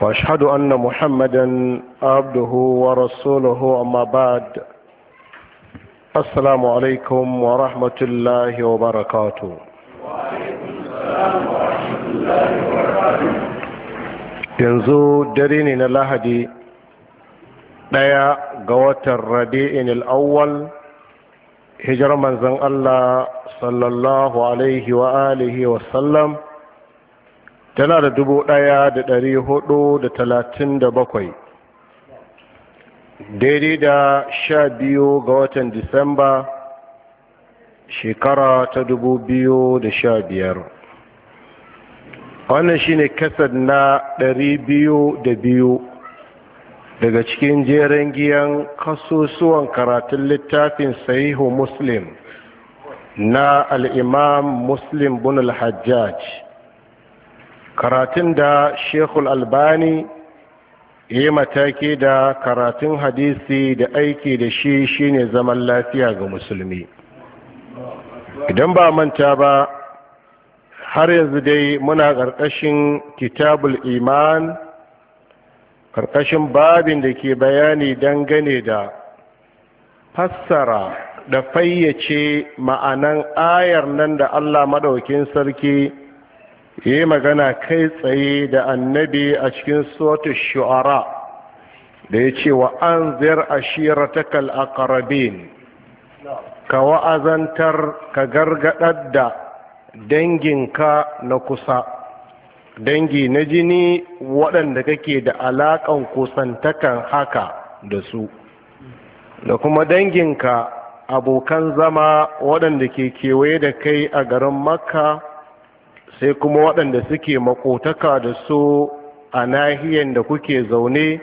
واشهد ان محمدا عبده ورسوله اما بعد السلام عليكم ورحمه الله وبركاته yanzu dare ne na lahadi ɗaya ga watan rabi'in al'awwal hijar manzan allah sallallahu alaihi wa alihi wasallam tana da dubu ɗaya da ɗari hudu da talatin da bakwai daidai da sha biyu ga watan disamba shekara ta dubu biyu da sha biyar wannan shine kasar na ɗari biyu da biyu daga cikin jeren giyan kasusuwan karatun littafin sahihu muslim na al'imam muslim bin al-hajjaj karatun da shekul albani yi mataki da karatun hadisi da aiki da shi shine zaman lafiya ga musulmi idan ba manta ba har yanzu dai muna ƙarƙashin kitabul iman ƙarƙashin babin da ke bayani dangane da fassara da fayyace ma'anan ayar nan da allah maɗaukin sarki yi magana kai tsaye da annabi a cikin sota shu'ara da ya ce wa an zir a aqrabin ka wa'azantar ka gargaɗar da danginka na kusa dangi na jini waɗanda kake da alaƙan kusantakan haka da su da kuma danginka abokan zama waɗanda ke kewaye da kai a garin makka sai kuma waɗanda suke makotaka da su a nahiyar da kuke zaune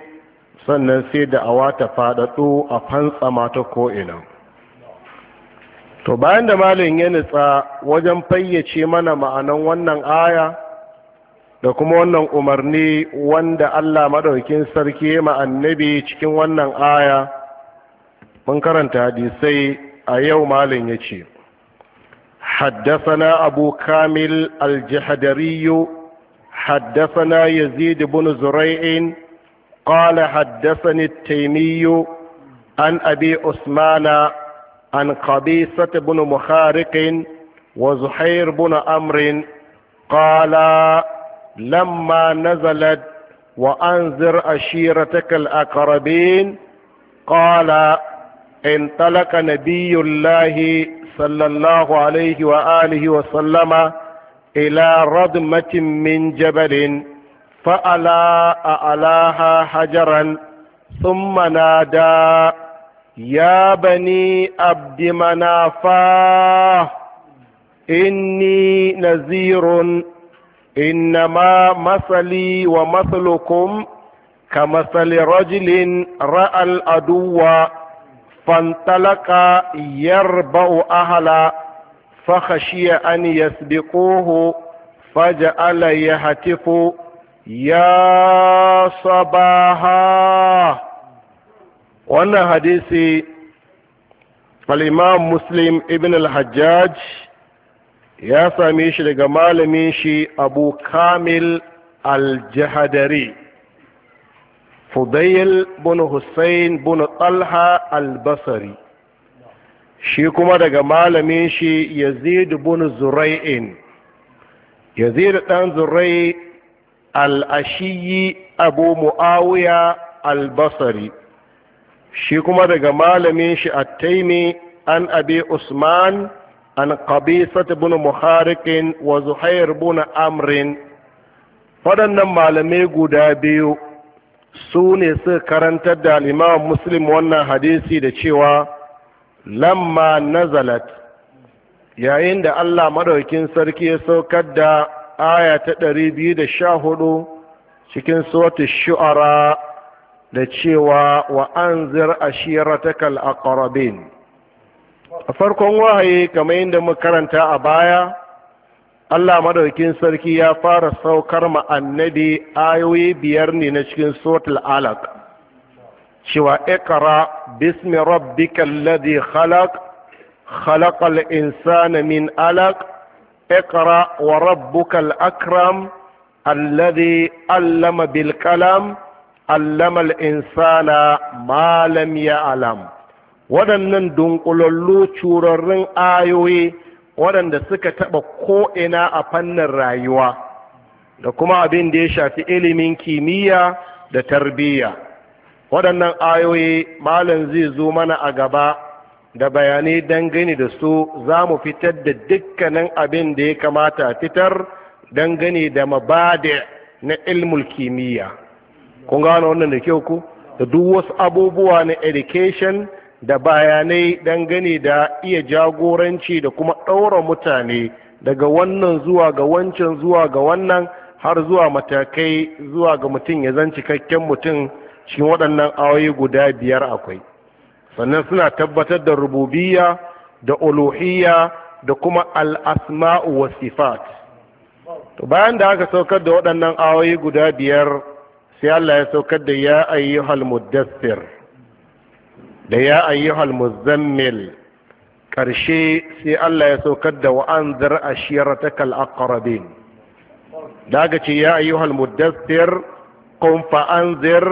sannan sai da awa ta faɗaɗo a fantsama ta ko'ina to bayan da malin ya nutsa wajen fayyace mana ma'anan wannan aya da kuma wannan umarni wanda Allah maɗaukin sarki ya ma'annabi cikin wannan aya mun karanta hadisai a yau malin ya ce حدثنا أبو كامل الجحدري حدثنا يزيد بن زريع قال حدثني التيمي عن أبي عثمان عن قبيصة بن مخارق وزحير بن أمر قال لما نزلت وأنذر أشيرتك الأقربين قال انطلق نبي الله صلى الله عليه وآله وسلم إلى رضمة من جبل فألا أعلاها حجرا ثم نادى يا بني عبد منافاه إني نذير إنما مثلي ومثلكم كمثل رجل رأى الأدوَّ fantalaka yarba'u ahala fakhashiya an yasbiquhu faja'ala yahtifu ya sabaha wannan hadisi al-imam muslim ibn al ya same shi daga malamin shi abu kamil al fudayil bin hussein bin talha albasari shi kuma daga malamin shi yazid bin zurai'in yazid dan zurai al'ashiyi abu mu'awiya albasari shi kuma daga malamin shi attaimi an abi usman an qabisat bin muharikin wa zuhair bin amrin waɗannan malamai guda biyu su ne su karantar da al'imam muslim wannan hadisi da cewa lamma nazalat yayin da allah maɗaukin sarki ya saukar da aya ta ɗari biyu da sha hudu cikin sautu shu'ara da cewa wa an zir a aqrabin a farkon wahayi kamar yadda mu karanta a baya Allah madaukin sarki ya fara saukar ma annabi ayoyi biyar ne na cikin suratul alaq cewa ikra bismi rabbikal ladhi khalaq khalaqal insana min alaq ikra wa rabbukal akram alladhi allama bil kalam allama al insana ma lam ya'lam waɗannan dunkulallu curarrun ayoyi waɗanda suka taɓa ko'ina a fannin rayuwa da kuma abin da ya shafi ilimin kimiyya da tarbiyya waɗannan ayoyi malam zai zo mana a gaba da bayanai dangane da su za mu fitar da dukkanin abin da ya kamata fitar dangane da mabada na ilmul kimiyya kun gano wannan da kyau ku da duk wasu abubuwa na education da bayanai dangane da iya jagoranci da kuma ɗaura mutane daga wannan zuwa ga wancan zuwa ga wannan har zuwa matakai zuwa ga mutum ya zan cikakken mutum cikin waɗannan awayi guda biyar akwai sannan suna tabbatar da rububiya, da uluhiyya da kuma al'asma'u wa bayan da aka saukar da waɗannan awayi guda biyar sai Allah ya saukar da ya ayyuhal muddassir da ya ayyuhal muzammil ƙarshe sai Allah ya saukar da wa'anzar a shiyar ta kal'akarabin daga ce ya ayyuhal muddassir kun fa'anzir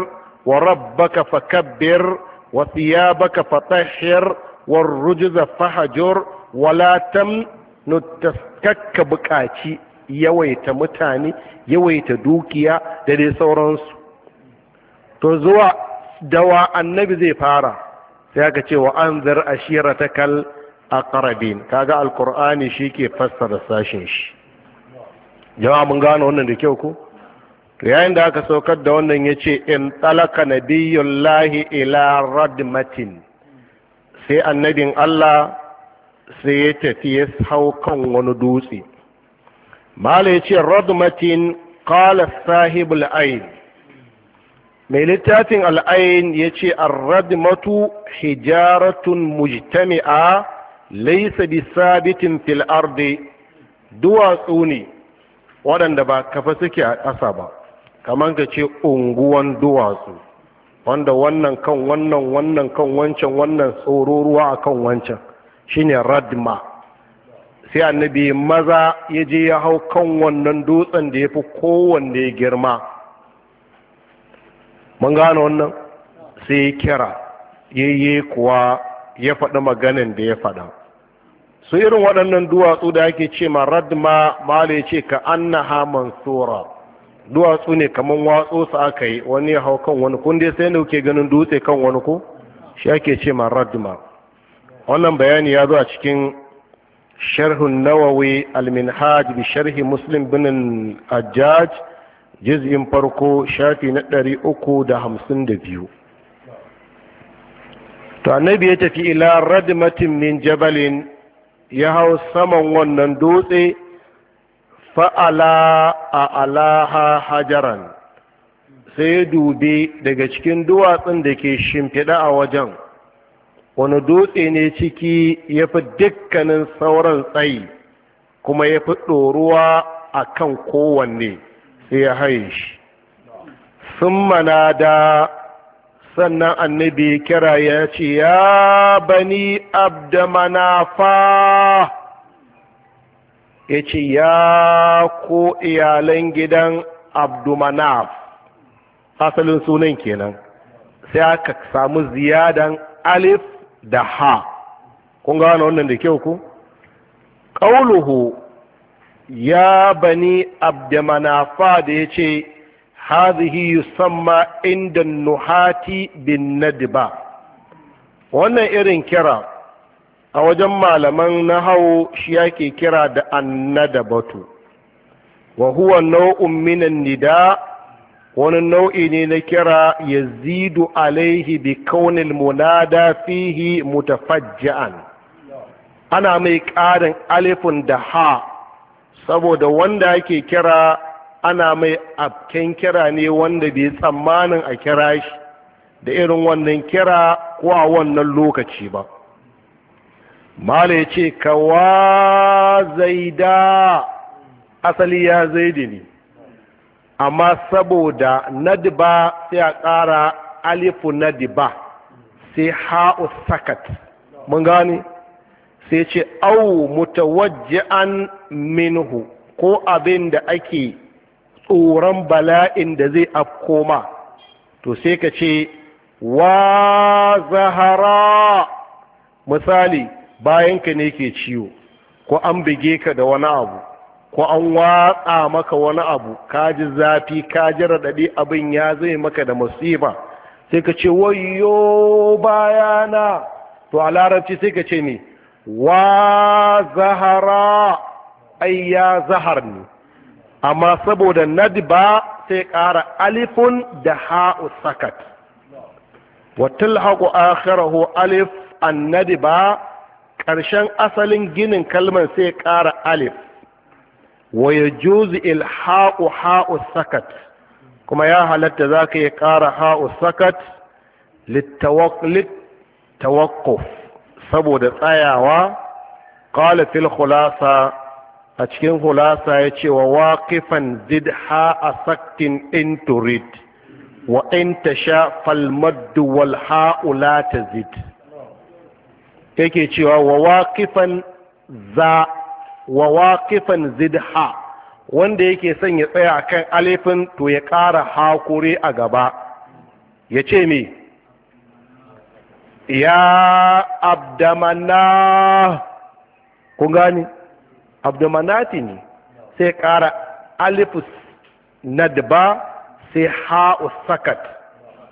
wa rabbaka fakabbir wa siyabaka fatahir rujza rujuza fahajur wala tamnu taskakka buƙaci yawaita mutane yawaita dukiya da dai sauransu to zuwa dawa annabi zai fara sai aka ce wa an zar a aqrabin kaga alkur'ani shi ke fassara sashin shi jama'a mun gano wannan da kyau ko to yayin da aka saukar da wannan ya yace in talaka lahi ila radmatin sai annabin Allah sai ya tafi ya hau kan wani dutse mala ce radmatin kala sahibul aini mai littafin al'ayin ya ce arradmatu hijaratun mujtami'a laisa bi sabitin fil ardi duwatsu ne waɗanda ba kafa suke a ƙasa ba kamar ka ce unguwan duwatsu wanda wannan kan wannan wannan kan wancan wannan ruwa a kan wancan shine radma sai annabi maza ya je ya hau kan wannan dutsen da ya fi kowanne girma mun gane wannan sai kira yayye kuwa ya faɗi maganin da ya faɗa su irin waɗannan duwatsu da ake ce ma radma male ce ka annaha mansura duwatsu ne kamar watsu su aka yi wani hau kan wani kun dai sai ne kuke ganin dutse kan wani ko shi ake ce ma radma wannan bayani ya zo a cikin sharhun nawawi al-minhaj bi sharhi muslim bin al-ajjaj juz'in farko shafi na ɗari uku da hamsin da biyu to annabi ya tafi ila radmatin min jabalin ya hau saman wannan dutse fa'ala a alaha hajaran sai ya dubi daga cikin duwatsun da ke shimfiɗa a wajen wani dutse ne ciki ya fi dukkanin sauran tsayi kuma ya fi ɗoruwa a kan kowanne sai ya haye shi sun da sannan annabi kira ya ce ya bani abdamanafa ya ce ya ko iyalan gidan abdumanaf asalin sunan kenan sai aka samu ziyadan alif da ha kun gano wannan da kyau ku ƙauluhu ya bani abdamanafa da ya ce hazihi yusamma inda nuhati bin nadiba wannan irin kira a wajen malaman na hau shi yake kira da annadabatu wa huwa nau'un minan nida' wani nau'i ne na kira ya zidu alaihi bi kaunin munada fihi mutafajja'an ana mai ƙarin alifin da ha saboda wanda ake kira ana mai afken kira ne wanda bai tsammanin a kira shi da irin wannan kira ko a wannan lokaci ba mala ya ce kawa zaida asali ya zaidi ne amma saboda nadiba sai a ƙara alifu nadiba sai ha'u sakat mun gane sai ce au mutawajji'an minhu ko abin da ake tsoron bala'in da zai afko ma. to sai ka ce wa zahara misali bayanka ne ke ciwo ko an bige ka da wani abu ko an watsa maka wani abu ka ji zafi kaji raɗaɗi abin ya zai maka da musiba sai ka ce wayo bayana to a larabci sai ka ce ne wa zahara ai ya zahar ne amma saboda nadba sai ƙara alifun da ha'u sakat watil haƙo akhirahu alif an nadba ƙarshen asalin ginin kalmar sai ƙara alif wa ya juzi ilha'u ha'u sakat kuma ya halatta za ka yi ƙara ha'u sakat littawakkuf saboda tsayawa qala fil khulasa a cikin khulasa ya ce wa waqifan zid ha saktin in turid wa in tasha fal madd wal haula tazid yake cewa wa waqifan za wa waqifan zid ha wanda yake son ya tsaya akan alifin to ya ƙara hakuri a gaba ya ce me ya abdamana, ku gani abdamanati ne sai ƙara alifus nadba sai ha'us sakat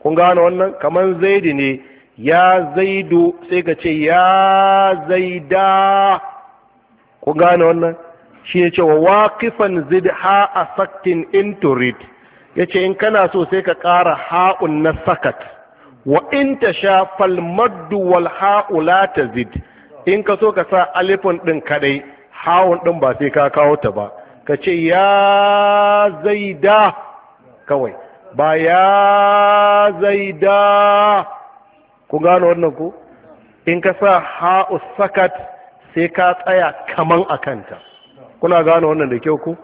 kun gano wannan kamar zaidi ne ya zaidu sai ka ce ya zaida kun gano wannan shi ne cewa waƙifan zid ha'a saktin in turid ya ce in kana so sai ka ƙara ha'un na sakat wa in ta sha falmaddu wal ha'ula ta zid in ka so ka sa alifin ɗin kadai hawun ɗin ba sai ka kawo ta ba ka ce ya zaida kawai ba ya zaida ku gano wannan ku in ka sa ha'u sakat sai ka tsaya kaman a kanta kuna gano wannan da kyau ku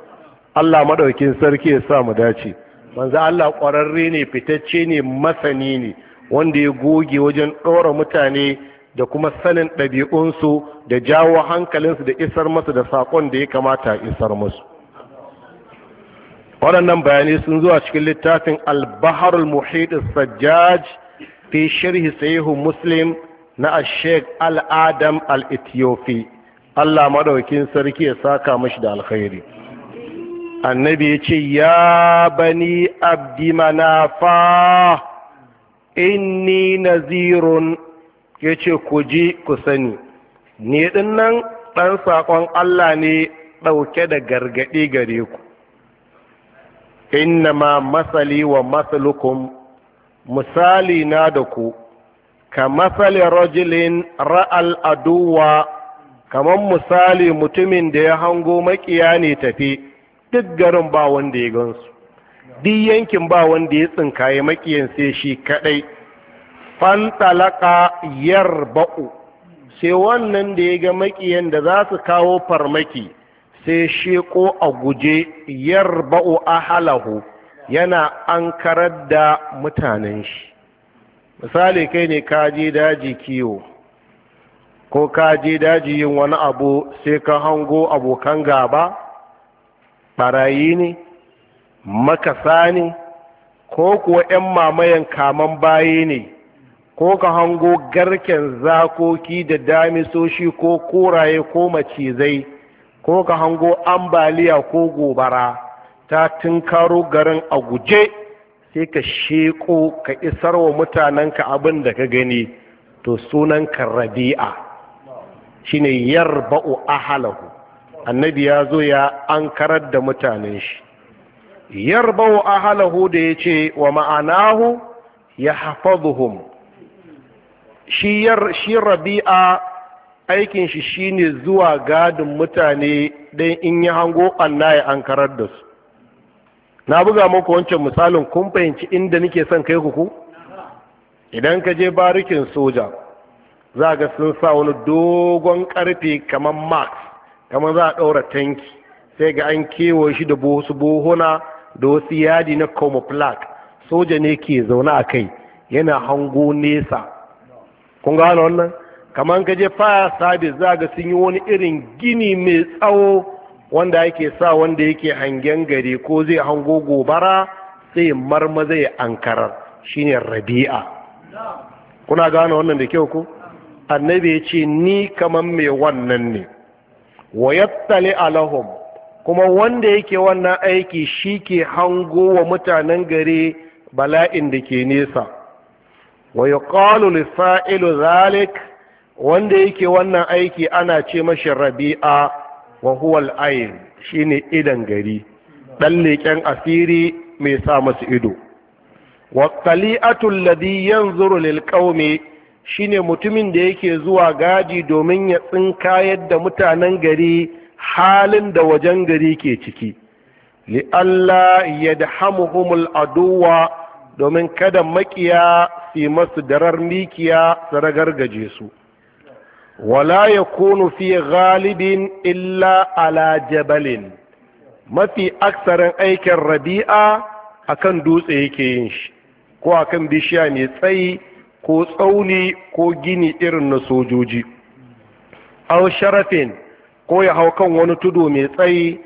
Allah maɗaukin sarki ya sa mu dace manzo Allah ƙwararre ne fitacce ne masani ne wanda ya goge wajen ɗora mutane da kuma sanin ɗabi'unsu da jawo hankalinsu da isar masu da saƙon da ya kamata isar masu waɗannan bayanai sun zuwa cikin littafin albaharul muhidus sajjaj fi sharhi sahihu muslim na ashek al'adam al'etiyofi allah maɗaukin sarki ya saka mashi da alkhairi annabi ya ce ya bani abdi manafa inni nazirun ya ce ku ji ku sani ni ɗin nan ɗan saƙon Allah ne ɗauke da gargaɗi gare ku innama masali wa masalukum misali na da ku ka masali rajulin ra'al aduwa kamar misali mutumin da ya hango makiya ne tafi duk garin ba wanda ya gansu duk yankin ba wanda ya tsinkaye makiyan sai shi kadai fantalaka yarba'u sai wannan da ya ga makiyan da za su kawo farmaki sai sheko a guje yar yarba'u halahu yana an karar da mutanen shi misali kai ne kaji daji kiwo ko kaji daji yin wani abu sai ka hango abokan gaba Ɓarayi ne makasa ne ko kuwa 'yan mamayen kaman baye ne ko ka hango garken zakoki da damisoshi ko koraye ko macizai ko ka hango ambaliya ko gobara ta tunkaro garin a guje sai ka sheko ka isar wa mutanenka abin da ka gani to sunan sunanka rabi'a shine yarba'u ahalahu annabi ya zo ya an karar da mutanen shi yarbau ahalahu da ya ce wa ma'anahu ya hafazuhum shi rabi'a aikin shi shine zuwa gadin mutane don in yi hango anna ya an karar da su na buga muku wancan misalin kun fahimci inda nake son kai ku idan ka je barikin soja za ga sun sa wani dogon karfe kamar max kamar za a ɗaura tanki sai ga an kewa shi da bosu bohuna da wasu yadi na camouflage soja ne ke zaune a kai yana hango nesa kun gano wannan kamar ka je fire service za ga sun yi wani irin gini mai tsawo wanda yake sa wanda yake hangen gari ko zai hango gobara sai marmaza ya ankarar shine rabi'a kuna gano wannan da kyau ku annabi ya ce ni kamar mai wannan ne wa yattali alahum kuma wanda yake wannan aiki shi ke hango wa mutanen gari bala'in da ke nesa wa ƙalu lissa'ilu zalik wanda yake wannan aiki ana ce mashi rabi'a wa huwal ayin shi shine idan gari ɗan leƙen asiri mai sa masu ido wa qali'atu alladhi zuru lil shi shine mutumin da yake zuwa gaji domin ya tsinkayar da mutanen gari halin da wajen gari ke ciki li'alla yadhamuhumul aduwa domin kada makiya su masu darar mikiya su ragargaje su wala ya kunu fi galibin illa ala jabalin mafi aksarin aikin rabi'a akan dutse yake yin shi ko akan bishiya mai tsayi ko tsauni ko gini irin na sojoji aw sharafin ko ya hau kan wani tudu mai tsayi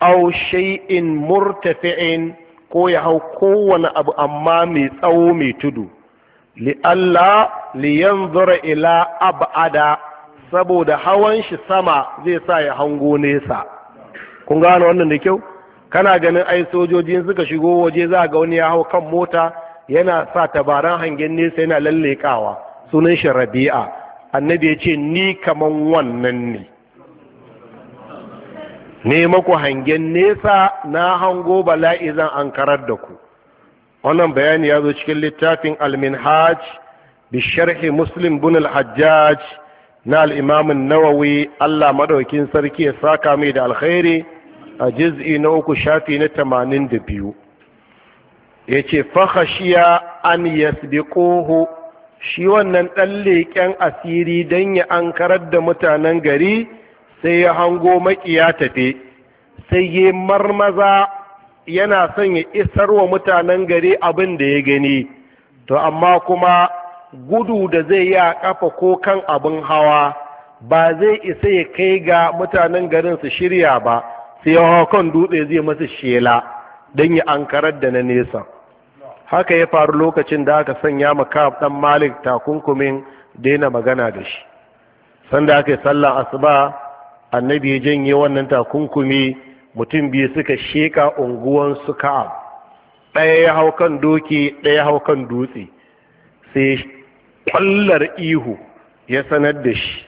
au shay'in murtafi'in ko ya hau kowane abu amma mai tsawo mai tudu li'alla liyanzura ila ab'ada saboda hawan shi sama zai sa ya hango nesa kun gano wannan da kyau kana ganin ai sojoji suka shigo waje za ga wani ya hau kan mota yana sa tabaran hangen nesa yana lallekawa sunan shi rabi'a annabi ya ce ni kaman wannan ne ne maku hangen nesa na hango bala'i zan an karar da ku wannan bayani ya zo cikin littafin alminhaj bi sharhi muslim bin al-hajjaj na al'imamin nawawi allah maɗaukin sarki ya saka mai da alkhairi a juz'i na uku shafi na tamanin da biyu ya an yasbiquhu shi wannan ɗan leƙen asiri dan ya ankarar da mutanen gari sai ya hango makiya tafe sai ya marmaza yana son ya isar wa mutanen gari abin da ya gani to amma kuma gudu da zai yi a kafa ko kan abin hawa ba zai isa ya kai ga mutanen garin su shirya ba sai ya hawa kan dutse zai masa shela don ya ankarar da na nesa haka ya faru lokacin da aka sanya maka dan malik takunkumin daina magana da shi sanda aka yi sallan asuba annabi ya janye wannan takunkumi mutum biyu suka sheka unguwan su ka'ab ɗaya ya hau kan doki ɗaya hau kan dutse sai kwallar ihu ya sanar da shi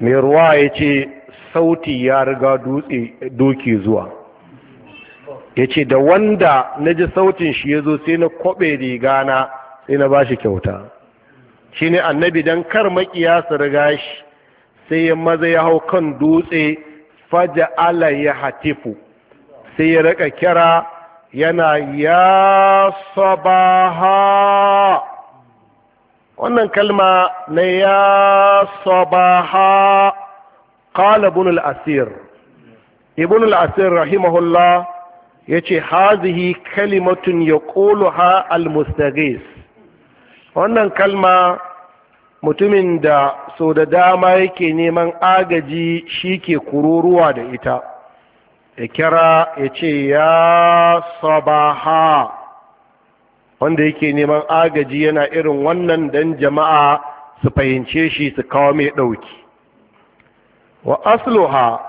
mai ruwa ya ce sauti ya riga dutse doki zuwa ya ce da wanda na ji sautin shi ya zo sai na kwaɓe riga na sai na ba shi kyauta shi ne annabi don kar makiya su riga shi sai ya maza ya hau kan dutse faja ala ya hatifu sai ya raka kira yana ya sabaha wannan kalma na ya sabaha qala ibn al-asir ibn al-asir rahimahullah yace hazihi kalimatun yaquluha al-mustaghis wannan kalma mutumin da so da dama yake neman agaji shi ke kururuwa da ita ya kira ya ce ya sabaha wanda yake neman agaji yana irin wannan dan jama'a su fahimce shi su kawo mai ɗauki wa asluha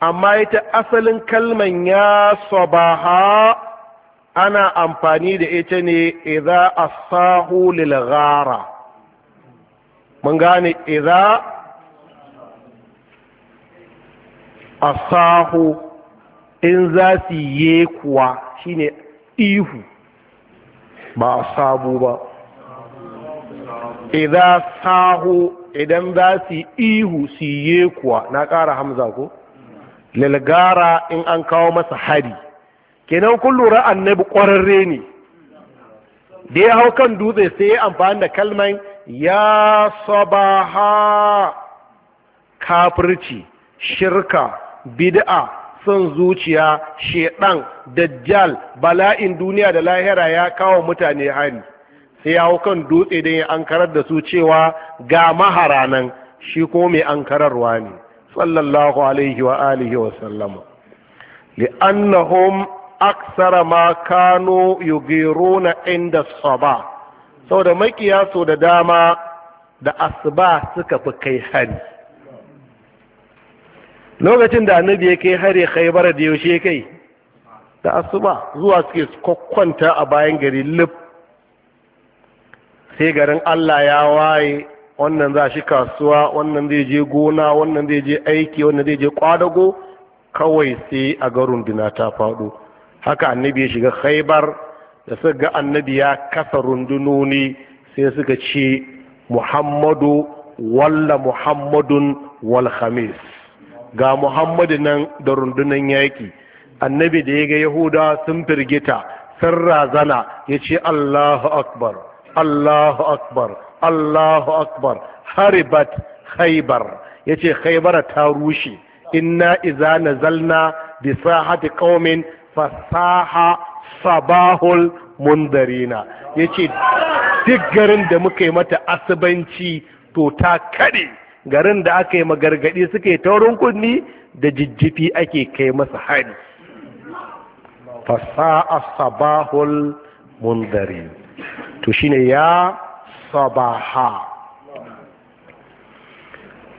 amma ita asalin kalman ya sabaha ana amfani da ita ne idza a lil ghara mun gane idza asahu in za su yi kuwa shine ihu ba sabu ba iza sahu idan za su ihu su yi kuwa na ƙara hamza ko lalgara in an kawo masa hari kenan kun lura annabi ƙwararre ne da ya hau kan dutse sai ya amfani da kalman ya sabaha kafirci shirka bid'a son zuciya shedan dajjal bala'in duniya da lahira ya kawo mutane hari sai ya hau kan dutse don ya ankarar da su cewa ga maharanan shi ko mai ankararwa ne sallallahu alaihi wa alihi wa sallama li'annahum aksara ma kanu yugiruna inda saba saboda makiya so da dama da asuba suka fi kai hari lokacin da annabi ya kai hari khaibar da yaushe kai da asuba zuwa suke kwakwanta a bayan gari lif sai garin Allah ya waye wannan za shi kasuwa wannan zai je gona wannan zai je aiki wannan zai je kwadago kawai sai a ga runduna ta faɗo haka annabi ya shiga khaibar da suka ga annabi ya kasa rundunoni sai suka ce muhammadu walla muhammadun wal khamis ga muhammadu nan da rundunan yaƙi annabi da ya ga yahuda sun firgita sun razana ya ce allahu akbar allahu akbar allahu akbar haribat haibar ya ce haibara ta rushe inna iza nazalna bi sahati qaumin fasaha sabahul mundarina ya ce duk garin da muka yi mata asibanci to ta kaɗe garin da aka yi magargadi suka yi taurin kunni da jijjifi ake kai masa hari fasa'a sabahul mundari to shine ya sabaha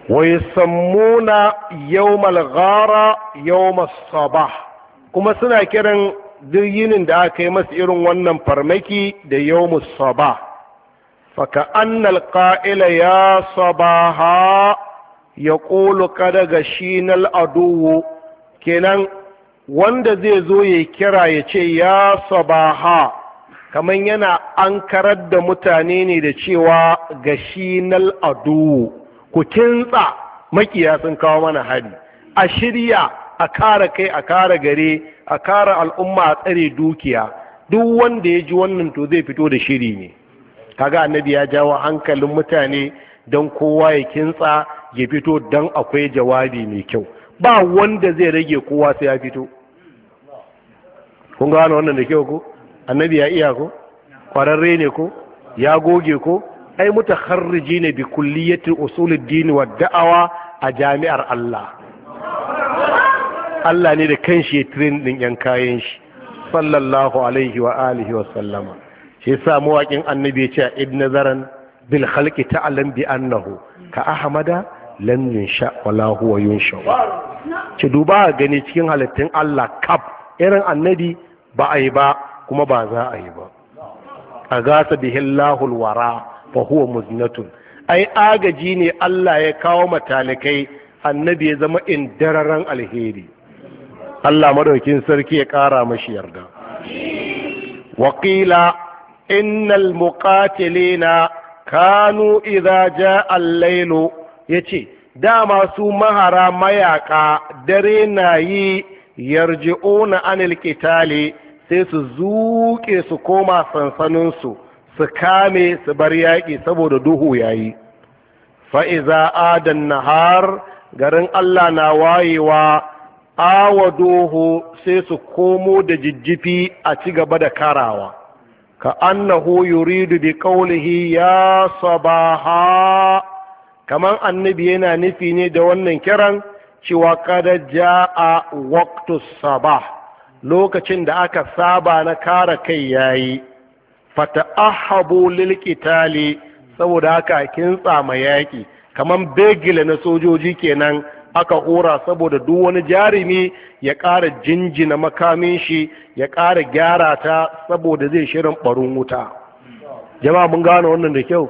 wai sammuna yawmal gara yawmal sabah kuma suna kiran duk da aka yi masa irin wannan farmaki da mu saba faka annal qa'ila ya sabaha ya ƙulu kada ga shinal aduwu kenan wanda zai zo ya kira ya ce ya sabaha kamar yana ankarar da mutane ne da cewa ga shinal aduwu ku kintsa makiya sun kawo mana hari a shirya a kara kai a kara gare a kara al'umma a tsare dukiya duk wanda ya ji wannan to zai fito da shiri ne kaga annabi ya jawo hankalin mutane don kowa ya kintsa ya fito don akwai jawabi mai kyau ba wanda zai rage kowa sai ya fito kun gano wannan da kyau ko annabi ya iya ko kwararre ne ko ya goge ko ai mutakharriji ne bi kulliyatin usulid din wa da'awa a jami'ar Allah Allah ne da kanshi ya tirin ɗin yan kayan shi sallallahu alaihi wa alihi wa sallama shi yasa mawakin annabi ya ce ibn zaran bil khalqi ta'lam bi annahu ka ahmada lam yunsha wala huwa yunsha ki duba gani cikin halittun Allah kaf irin annabi ba a yi ba kuma ba za a yi ba a gasa bihillahul wara fa muznatun ai agaji ne Allah ya kawo matalikai annabi ya zama indararan alheri Allah madaukin sarki ya ƙara mashi yarda waƙila innal muqatilina kanu idza jaa al-lailu yace dama su mahara mayaka dare na yi yarji'una anil qitali sai su zuƙe su koma sansaninsu su kame su bar yaƙi saboda duhu yayi fa'iza adan nahar garin Allah na wayewa awadoho sai su komo da jijjifi a ci gaba da karawa ka annahu yuridu bi qawlihi ya sabaha kaman annabi yana nufi ne da wannan kiran cewa kada jaa waqtu sabah lokacin da aka saba na kara kai yayi fata'ahabu lil qitali saboda haka kin tsama yaki kaman begile na sojoji kenan aka hura saboda duk wani jarumi ya ƙara jinjina makamin shi ya ƙara gyara ta saboda zai shirin ɓarin wuta Jam'a mun gane wannan da kyau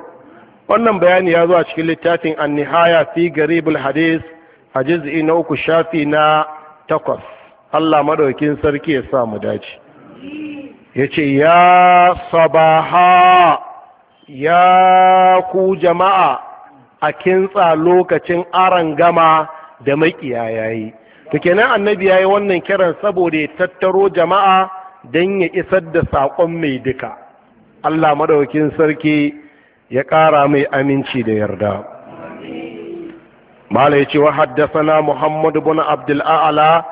wannan bayani ya zo a cikin littafin annihaya fi garibul hadis a jiz'i na uku shafi na takwas allah maɗaukin sarki ya sa mu dace ya ce ya sabaha ya ku jama'a a kintsa lokacin aran gama da ya yi. to kenan annabi yi wannan kiran saboda ya tattaro jama'a don ya isar da saƙon mai duka Allah maɗaukin sarki ya ƙara mai aminci da yarda mala ce wa na muhammad bin abdul a'la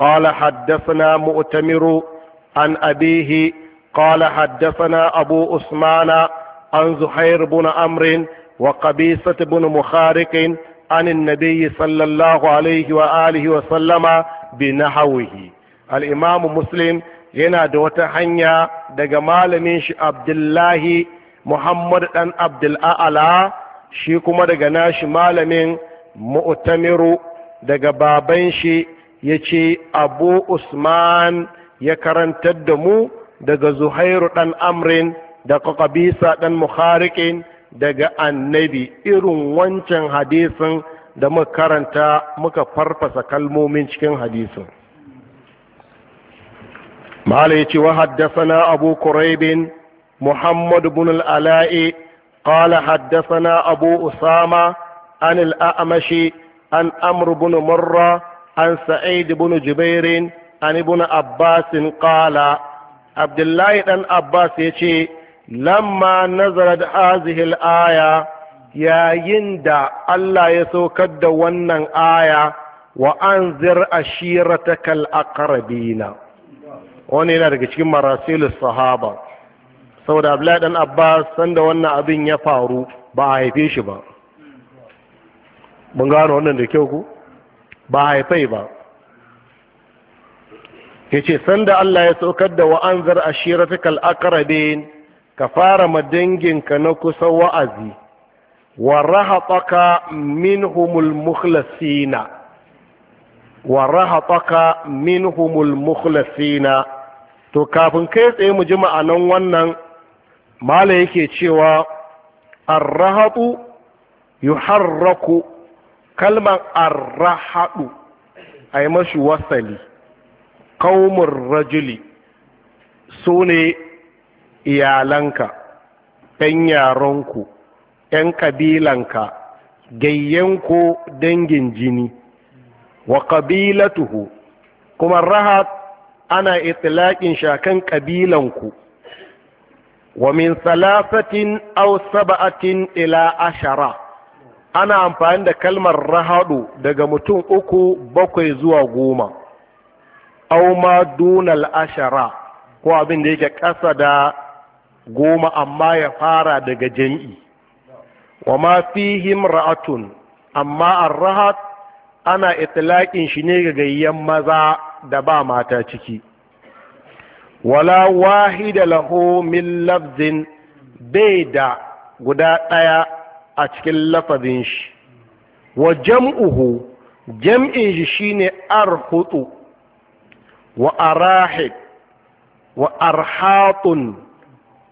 qala na mu'tamiru an abihi قال haddasana أبو an zuhair زهير amrin wa وقبيصة بن مخارق عن النبي صلى الله عليه وآله وسلم بنحوه الإمام مسلم yana da wata hanya daga malamin shi abdullahi Muhammadu ɗan dan abdul'a'ala shi kuma daga nashi malamin mu'tamiru daga baban shi ya ce abu usman ya karantar da mu daga zuhairu ɗan amrin daga kabisa dan muharikin daga annabi irin wancan hadisin da muka karanta muka farfasa kalmomin cikin hadisin malayci wa haddasana abu kuraibin muhammad bin ala'i, ƙala haddasana abu usama an al’amashi an amur bin murra an sa’id bin jubairin an ibn abbasin ƙala abdullahi ɗan abbas ya ce lamma nazarat hazihil aya yayin da Allah ya saukar da wannan aya wa anzir ashiratakal aqrabina wani yana daga cikin marasilus sahaba saboda Abdullahi dan Abbas sanda wannan abin ya faru ba a haife shi ba mun gano wannan da kyau ku ba a haifai ba yace sanda Allah ya saukar da wa anzir ashiratakal aqrabin ka fara ma danginka na kusa wa'azi wa rahataka minhumul mukhlasina wa rahataka minhumul mukhlasina to kafin kai tsaye mu ji ma'anan wannan mala yake cewa arrahatu yuharraku kalmar arrahadu a yi mashi wasali kaumun rajuli su ne iyalanka ‘yan yaronku ‘yan ƙabilanka gayyanku dangin jini wa ƙabilatuhu kuma Rahad ana itilaƙin shakan ƙabilanku wa min salafatin aw saba'atin ila ashara ana amfani da kalmar rahadu daga mutum uku bakwai zuwa goma au ma dunal ashara ko abin da yake ƙasa da goma amma ya fara daga jam'i wa ma fihim ra'atun amma an rahat ana itlaƙin shi ne ga gayyan maza da ba mata ciki wala wahida lahu min lafzin bai da guda ɗaya a cikin lafazin shi wa jam'uhu jam'in shi shine arhutu wa arahid wa arhatun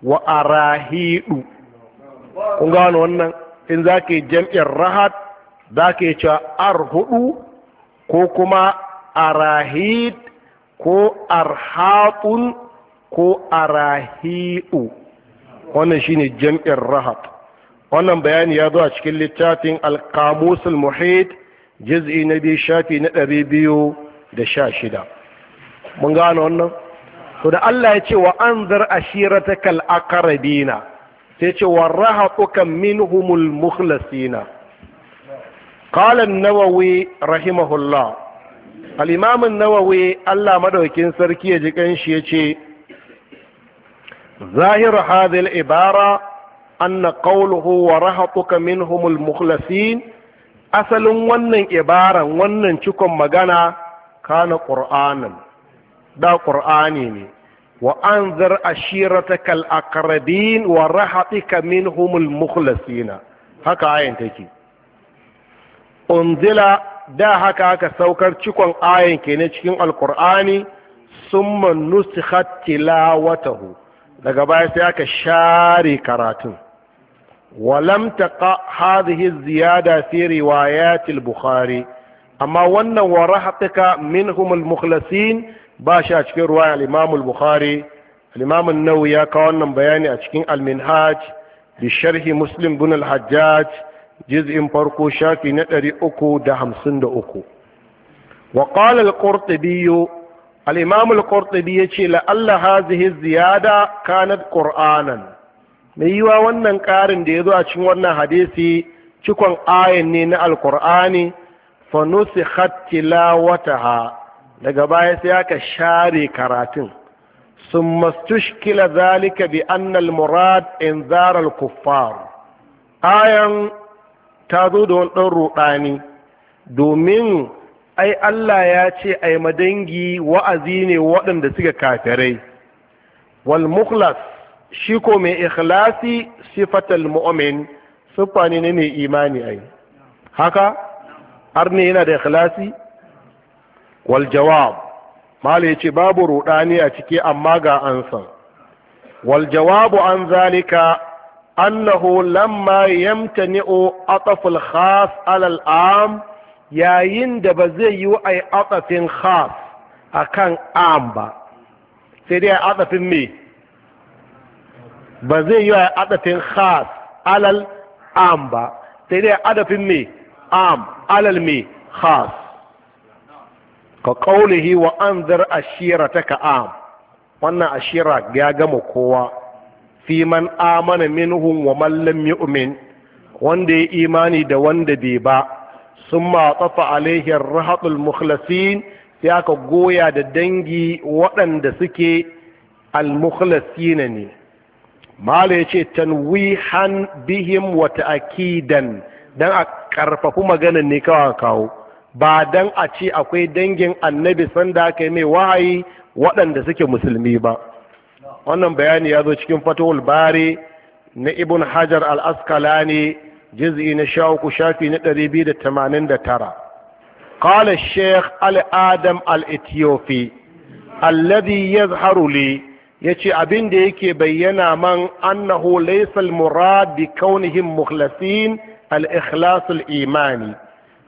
wa arahidu kun gano wannan in za ka yi jam'in rahat za ka yi cewa arhudu ko kuma arahid ko arhatun ko arahidu wannan shine jam'in rahat wannan bayani ya zo a cikin littafin alkamusul muhit jiz'i na biyu shafi na ɗari biyu da sha shida mun gano wannan to da Allah ya ce wa anzar ashiratakal aqrabina sai ce wa rahaquka minhumul mukhlasina qala an-nawawi rahimahullah al-imam an-nawawi Allah maɗaukin sarki ya ji kanshi yace Zahiru hadhihi al-ibara anna qawluhu wa rahaquka minhumul mukhlasin asalin wannan ibaran wannan cikon magana kana qur'anan da ƙur'ani ne wa an zar ashirataka al-aqrabin wa rahatika minhum al-mukhlasina haka ayin take unzila da haka aka saukar cikon ayin kenan cikin sun summa nusikhat tilawatahu daga baya sai aka share karatun ولم تقع هذه الزيادة amma wannan البخاري أما ون ورحتك منهم المخلصين ba shi a cikin ruwa al-imam al-bukhari al-imam ya kawo wannan bayani a cikin al-minhaj da sharhi muslim bin al-hajjaj juz'in farko shafi na 353 wa qala al-qurtubi al-imam al-qurtubi yace la alla hadhihi ziyada kanat qur'anan mai yiwa wannan karin da yazo a cikin wannan hadisi cikon ayin ne na al-qur'ani fa nusikhat tilawataha daga baya sai aka share karatun sun mastushkila zalika bi annal murad in zarar kuffar ayan ta zo da wani ɗan ruɗani domin ai Allah ya ce ai madangi wa'azi ne waɗanda suka kafirai wal mukhlas shi ko mai ikhlasi sifatal mu'min siffa ne ne mai imani ai haka har ne yana da ikhlasi wal jawab ya ce babu rudani a ciki amma ga ansan wal jawabu an zalika annahu lamma yamtani'u ataf al khas alal al am yayin da ba zai yi ai atafin khas akan am ba sai dai atafin me ba zai yi ai atafin khas alal am ba sai dai atafin me am alal me khas ka ƙaunihi wa an zar ashira ta ka'am wannan a shira ya gama kowa fi man amana minhum wa mallam wanda ya imani da wanda bai ba sun ma tsafa alaihiyar rahatul mukhlasin sai aka goya da dangi waɗanda suke al-mukhlasina ne mala yace tanwihan bihim wata akidan dan a ƙarfafi maganan ne kawai kawo ba dan a ce akwai dangin annabi sanda aka yi mai wahayi waɗanda suke musulmi ba wannan bayani ya zo cikin fatowar bari na ibn hajar al-askalani juz'i na sha uku shafi na ɗari biyu da tamanin da tara sheikh al-adam al-ethiopi alladhi yazharu li yace abin da yake bayyana man annahu laysa al-murad bi kaunihim mukhlasin al-ikhlas al-imani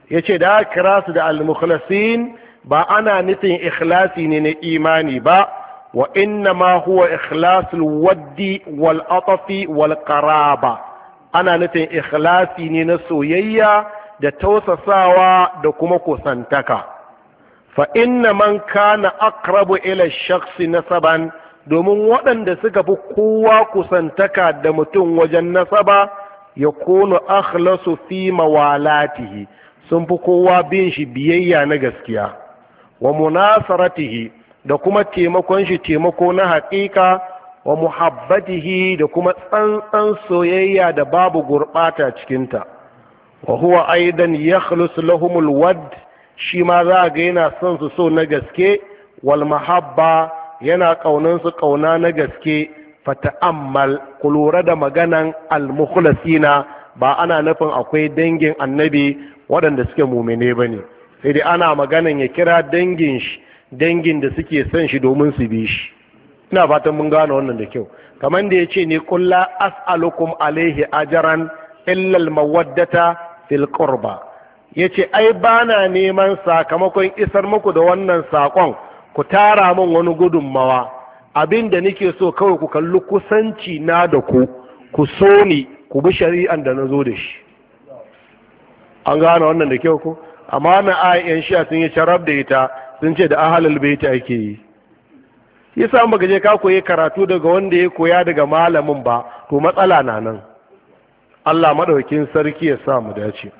ya ce da kira su da al-mukhlasin ba ana nufin ikhlasi ne na imani ba wa inna ma huwa ikhlasul waddi wal atafi wal qaraba ana nufin ikhlasi ne na soyayya da tausasawa da kuma kusantaka fa inna man kana aqrabu ila shakhsi nasaban domin waɗanda suka fi kowa kusantaka da mutum wajen nasaba ya kono akhlasu fi mawalatihi sun fi kowa bin shi biyayya na gaskiya wa munasaratihi da kuma taimakon shi taimako na haƙiƙa wa muhabbatihi da kuma tsantsan soyayya da babu gurɓata cikinta wa huwa aidan yakhlus lahumul wad shi ma za ga yana son su so na gaske wal mahabba yana ƙaunansu ƙauna na gaske fata'ammal ku lura da maganan al-mukhlasina ba ana nufin akwai dangin annabi waɗanda suke mumine ba ne sai dai ana maganan ya kira dangin shi dangin da suke son shi domin su bi shi ina fatan mun gane wannan da kyau kamar da ya ce ne kulla as'alukum alaihi ajaran illal mawaddata fil qurba yace ai bana neman sakamakon isar muku da wannan sakon ku tara min wani gudunmawa abin da nake so kawai ku kalli kusanci na da ku ku so ni ku bi shari'an da na zo da shi an gane wannan da kyau ko amma na ayyan shiya sun yi sharab da ita sun ce da ahalul baiti ake yi yasa baka gaje ka koyi karatu daga wanda ya koya daga malamin ba to matsala na nan Allah madaukin sarki ya sa mu dace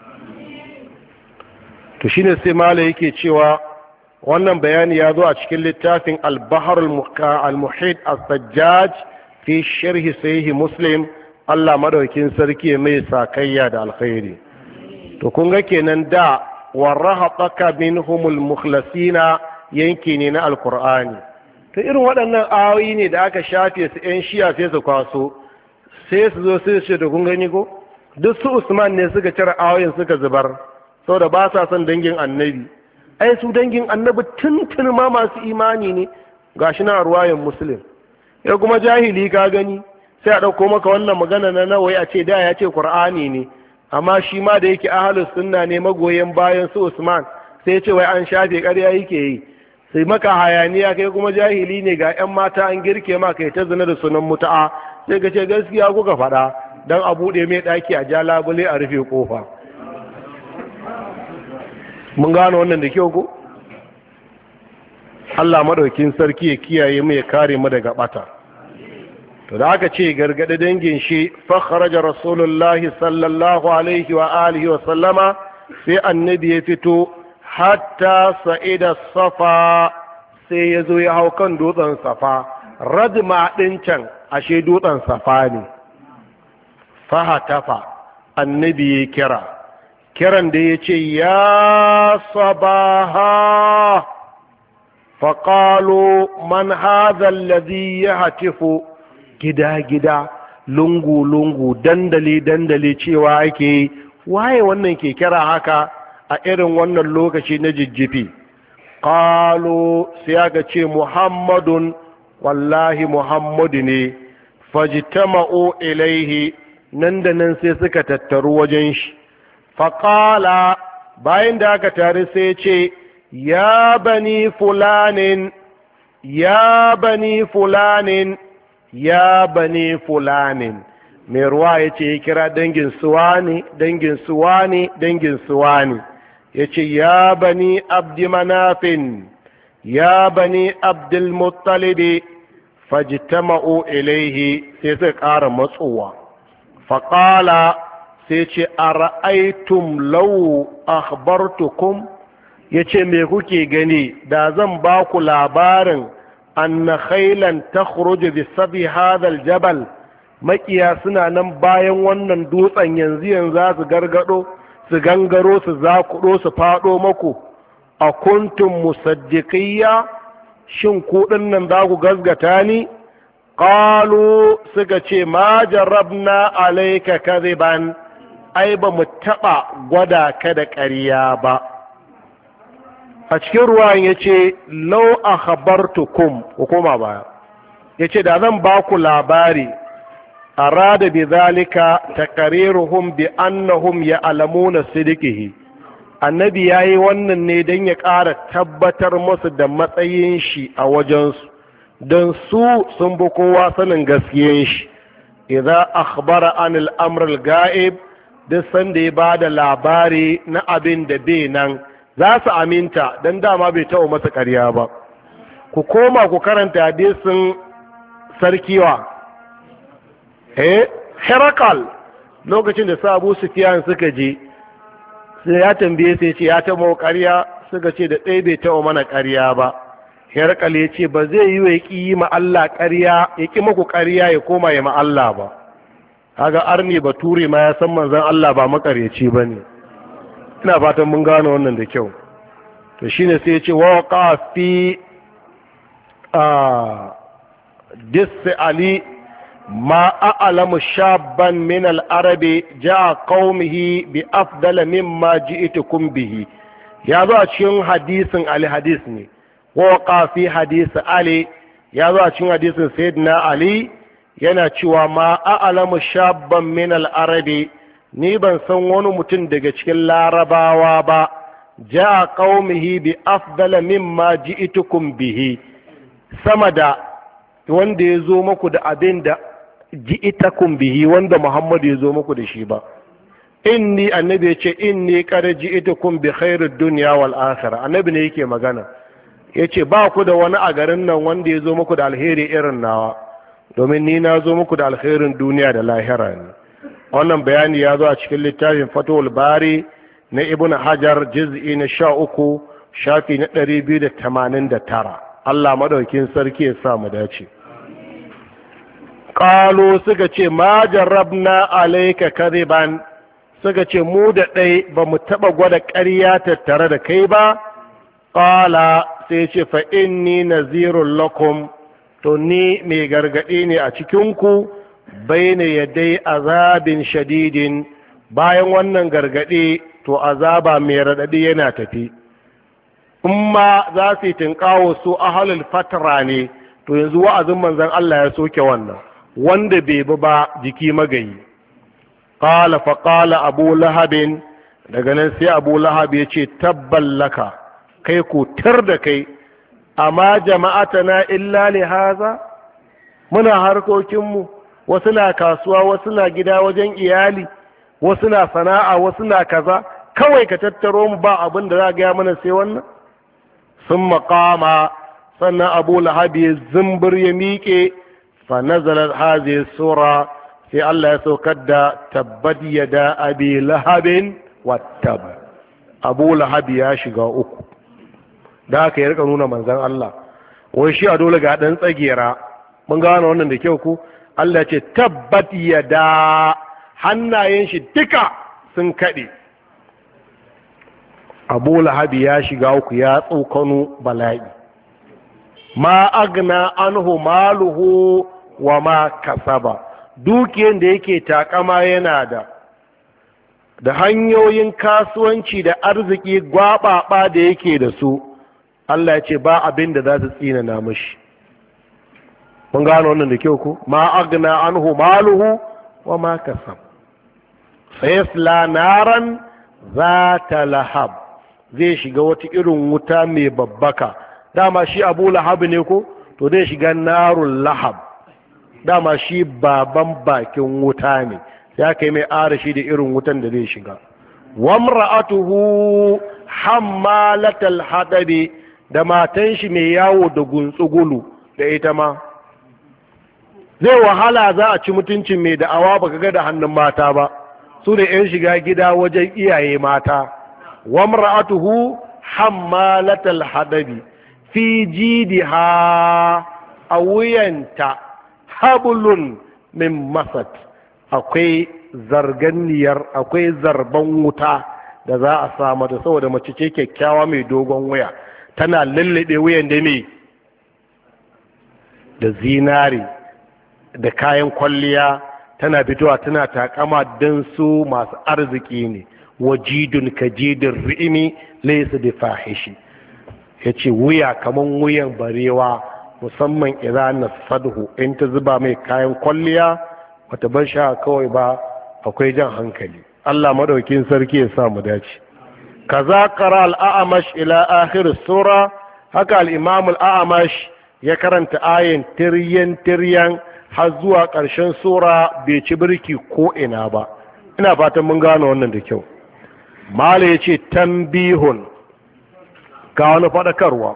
to shine sai malai yake cewa wannan bayani ya zo a cikin littafin al-bahr al-muhit as-sajjaj fi sharhi sahih muslim Allah madaukin sarki mai sakayya da alkhairi to kun ga kenan da warrahaɓaka minhumul mukhlasina yanki ne na alkur'ani ta irin waɗannan ayoyi ne da aka shafe su 'yan shiya sai su kwaso sai su zo sai su ce da kun gani ko duk su usman ne suka cire ayoyin suka zubar saboda ba sa son dangin annabi ai su dangin annabi tuntun ma masu imani ne gashi na ruwayan muslim ya kuma jahili ka gani sai a ɗauko maka wannan magana na nawayi a ce da ya ce qur'ani ne amma shi ma da yake ahalus sunna ne magoyan bayan su usman sai ce wai an shafe ƙarya yake yi sai maka hayaniya kai kuma jahili ne ga 'yan mata an girke ma kai ta zina da sunan muta'a sai ka ce gaskiya kuka faɗa don a buɗe mai ɗaki a ja labule a rufe ƙofa mun gano wannan da kyau ko Allah maɗaukin sarki ya kiyaye mu ya kare mu daga ɓata to da aka ce gargaɗi dangin shi fakharaja rasulullahi sallallahu alaihi wa alihi wa sallama sai annabi ya fito hatta sa'ida safa sai ya zo ya hau kan dutsen safa radma ɗin can ashe dutsen safa ne fahatafa annabi ya kira kiran da ya ce ya sabaha faƙalo man hadha alladhi yahtifu gida-gida lungu-lungu dandali-dandali cewa ake waye wannan ke kira haka a irin wannan lokaci na jijjifi ƙalo sai aka ce muhammadun wallahi muhammadu ne fajitama'o ilaihi nan da nan sai suka tattaru wajen shi faƙala bayan da aka tare sai ce ya bani fulanin ya bani fulanin ya bani fulanin mai ruwa ya ce ya kira dangin suwani dangin suwani dangin suwani ya ce ya bani abdi manafin ya bani abdulmuttalibi fajtama'u ilaihi sai suka ƙara matsowa faƙala sai ce a ra'aitum lau akhbartukum ya ce me kuke gani da zan ba ku labarin anna khailan takhruju bi sabi hadal jabal makiya suna nan bayan wannan dutsen yanzu yanzu za su gargado su gangaro su zakudo su fado mako a kuntum musaddiqiyya shin kuɗin nan za ku gazgata ni qalu suka ce ma jarabna alayka kadhiban ai ba mu taba gwada ka da ƙarya ba a cikin ruwan ya ce lau a habartukum hukuma baya ya ce da zan ba ku labari a rada bi zalika ta kariruhum bi annahum ya na sidikihi annabi ya yi wannan ne don ya ƙara tabbatar musu da matsayin shi a wajensu don su sun bi kowa sanin gaskiyan shi idan akhbara an al'amr al-ga'ib duk sanda ya ba da labari na abin da bai nan za su aminta don dama bai taɓa masa ƙarya ba ku koma ku karanta hadisin sarkiwa eh herakal lokacin da sabu su fiyan suka je sai ya tambaye sai ce ya taɓa ƙarya suka ce da ɗaya bai taɓa mana ƙarya ba herakal ya ce ba zai yi wa ya ƙi yi ma Allah ƙarya ya ƙi maku karya ya koma ya ma Allah ba kaga arni bature ma ya san manzon Allah ba makaryaci bane ina fatan mun gano wannan da kyau to shine sai ya ce wa qafi a dis ali ma a'lamu shabban min al-arabi ja'a qaumihi bi afdala mimma ji'itukum bihi ya zo a cikin hadisin ali hadis ne wa qafi hadisi ali ya zo a cikin hadisin sayyidina ali yana cewa ma a'lamu shabban min al ni ban san wani mutum daga cikin larabawa ba ja qaumihi bi afdala mimma ji'tukum bihi sama da wanda ya zo muku da abin da ji'takum bihi wanda Muhammadu ya zo muku da shi ba inni annabi ya ce inni qad ji'tukum bi khairid dunya wal akhirah annabi ne yake magana yace ba ku da wani a garin nan wanda ya zo muku da alheri irin nawa domin ni na zo muku da alherin duniya da lahira ne wannan bayani ya zo a cikin littafin fatowar bari na ibn hajar jiz'i na sha uku shafi na ɗari biyu da tamanin da tara allah maɗaukin sarki ya sa mu dace ƙalo suka ce ma jarrabna alaika kariban suka ce mu da ɗai ba mu taɓa gwada ƙarya tattare da kai ba ƙala sai ce fa inni nazirun lakum to ni mai gargaɗi ne a cikinku baina yadai azabin shadidin bayan wannan gargaɗe to azaba mai raɗaɗi yana tafi in ma za su yi tinkawo su ahalul fatara ne to yanzu wa'azin manzan Allah ya soke wannan wanda bai bi ba jiki magayi Ƙala fa qala abu lahabin daga nan sai abu lahab ya ce tabballaka kai ku tar da kai amma na illa li haza muna harkokinmu wasu na kasuwa wasu na gida wajen iyali wasu na sana'a wasu na kaza kawai ka tattaro mu ba abin da za gaya mana sai wannan sun makama sannan abu lahabi ya zumbir ya miƙe fa nazalar hazi sura sai allah ya saukar da tabbat ya da abi lahabin wattab abu lahabi ya shiga uku da aka ya rika nuna manzan allah wai shi a dole ga ɗan tsagera mun gane wannan da kyau ko Allah ce tabbat yada hannayen shi duka sun kaɗe abu lahabi ya shiga uku ya tsokano bala'i ma agna anhu maluhu wa ma kasaba dukiyar da yake takama yana da da hanyoyin kasuwanci da arziki gwaɓaɓa da yake da su Allah ce ba abin da za su tsina na mashi mun gano wannan da kyau ko ma agna anhu maluhu wa ma kasab sayasla naran ta lahab zai shiga wata irin wuta mai babbaka dama shi abu lahab ne ko to zai shiga narun lahab dama shi baban bakin wuta ne ya kai mai arashi da irin wutan da zai shiga wamra'atuhu hammalatal hadabi da matan shi mai yawo da guntsugulu da ita ma zai wahala za a ci mutuncin mai da awa ba ga da hannun mata ba su da 'yan shiga gida wajen iyaye mata wamra'atuhu hammalatal hadabi fi ha a wuyanta habulun min masat akwai zarganniyar akwai zarban wuta da za a samu da saboda mace ce kyakkyawa mai dogon waya tana lullube wuyan da me da zinari da kayan kwalliya tana fitowa tana takama don su masu arziki ne wajidun kajidun ri'imi laisa da fahishi ya ce wuya kamar wuyan barewa musamman idan na sadhu in ta zuba mai kayan kwalliya bata bar sha kawai ba akwai jan hankali Allah madaukin sarki ya sa mu dace kaza qara al-a'mash ila akhir sura haka al-imam al-a'mash ya karanta ayin tiryan tiryan har zuwa ƙarshen sura bai ci birki ko ina ba ina fatan mun gane wannan da kyau mala ya ce tambihun ga wani faɗakarwa